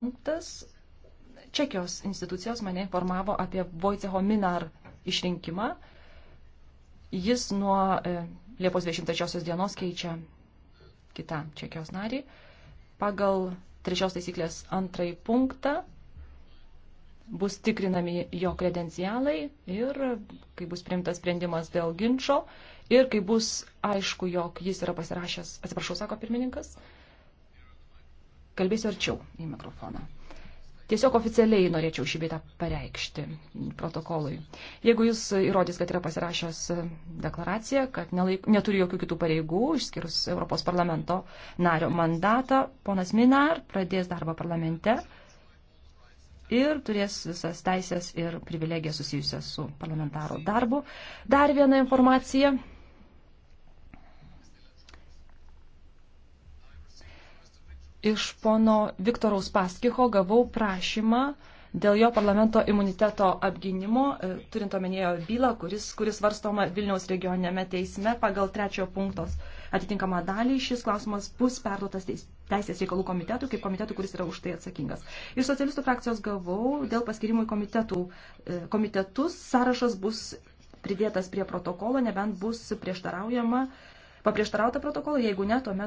Parlamentas Čekijos institucijos mane informavo apie Vojceho Minar išrinkimą. Jis nuo e, Liepos 23 dienos keičia kitą Čekijos narį. Pagal trečios taisyklės antrąjį punktą bus tikrinami jo kredencialai ir kai bus priimtas sprendimas dėl ginčio ir kai bus aišku, jog jis yra pasirašęs, atsiprašau, sako pirmininkas, Kalbėsiu arčiau į mikrofoną. Tiesiog oficialiai norėčiau šį bitą pareikšti protokolui. Jeigu jis įrodys, kad yra pasirašęs deklaraciją, kad nelaik, neturi jokių kitų pareigų, išskyrus Europos parlamento nario mandatą, ponas Minar pradės darbą parlamente ir turės visas teisės ir privilegijas susijusias su parlamentaro darbu. Dar viena informacija iš pono Viktoraus Paskiho gavau prašymą dėl jo parlamento imuniteto apginimo, e, turint omenyje bylą, kuris, kuris varstoma Vilniaus regioninėme teisme pagal trečiojo punktos atitinkamą dalį. Šis klausimas bus perduotas teis, Teisės reikalų komitetui, kaip komitetui, kuris yra už tai atsakingas. Iš socialistų frakcijos gavau dėl paskirimų į komitetų, e, komitetus. Sąrašas bus pridėtas prie protokolo, nebent bus prieštaraujama, paprieštarauta protokolo, jeigu ne, tuomet.